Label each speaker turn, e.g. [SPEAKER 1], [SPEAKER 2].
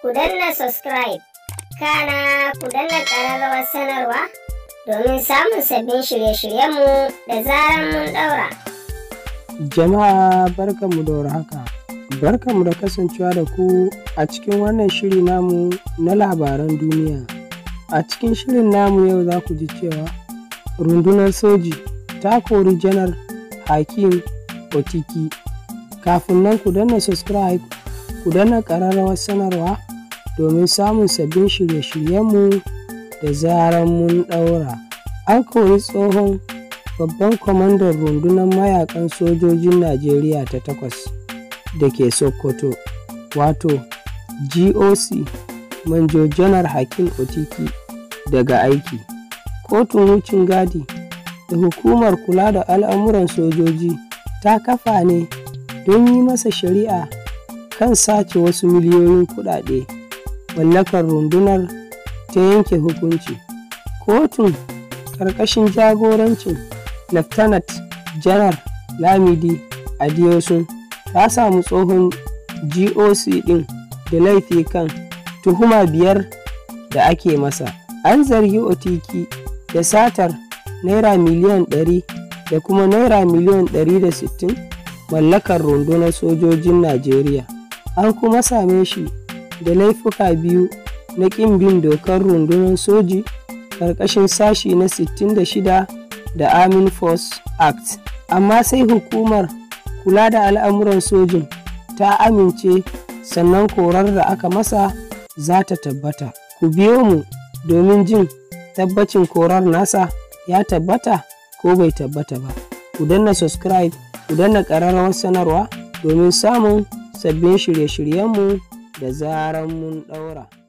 [SPEAKER 1] ku danna subscribe kana ku danna ƙararrawar sanarwa domin samun sabbin shirye-shiryenmu da zaran mun ɗaura. Jama'a barkanmu da barka mu da kasancewa da ku a cikin wannan shiri namu na labaran duniya. A cikin shirin namu yau za ku ji cewa rundunar soji ta kori janar Hakim Otiki. Kafin nan ku danna subscribe ku danna ƙararrawar sanarwa domin samun sabbin shirye-shiryenmu da zarar mun ɗaura. An kori tsohon babban kwamandan rundunar mayakan sojojin Najeriya ta takwas da ke Sokoto, wato GOC Manjo Janar Hakim Otiki daga aiki. Kotun wucin gadi da hukumar kula da al'amuran sojoji ta kafa ne don yi masa shari'a kan sace wasu miliyoyin kuɗaɗe mallakar rundunar ta yanke hukunci kotun ƙarƙashin jagorancin lieutenant janar lamidi adiosun ta samu tsohon goc ɗin da laifi kan tuhuma biyar da ake masa an zargi otiki da satar naira miliyan 100 da kuma naira miliyan 160 mallakar rundunar sojojin najeriya an kuma same shi da laifuka biyu na ƙin bin dokar rundunar soji ƙarƙashin sashi na 66 da Army Force Act. Amma sai hukumar kula da al'amuran sojin ta amince sannan korar da aka masa za ta tabbata. Ku biyo mu domin jin tabbacin korar nasa ya tabbata ko bai tabbata ba. Ku danna subscribe, ku danna ƙararrawar sanarwa domin samun sabbin shirye-shiryenmu da zaran mun ɗaura.